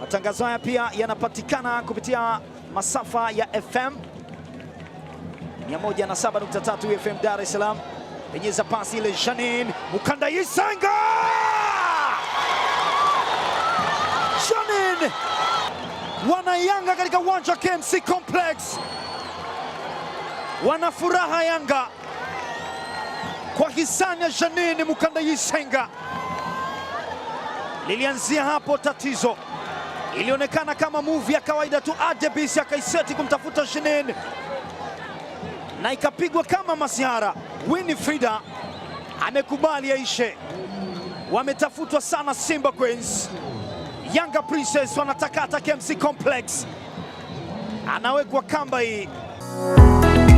Matangazo haya pia yanapatikana kupitia masafa ya FM 107.3 FM Dar es Salaam. Penyeza pasi ile, Janine Mukanda Isanga, Janine yanga katika uwanja wa KMC Complex, wana furaha Yanga kwa hisani ya Janine Mukanda Isanga. Lilianzia hapo tatizo. Ilionekana kama muvi ya kawaida tu, Adebis akaiseti kumtafuta Jeanine na ikapigwa kama masihara. Winifrida amekubali aishe. Wametafutwa sana Simba Queens, Yanga Princess wanataka atake Complex, anawekwa kamba hii.